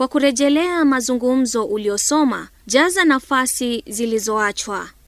Kwa kurejelea mazungumzo uliosoma, jaza nafasi zilizoachwa.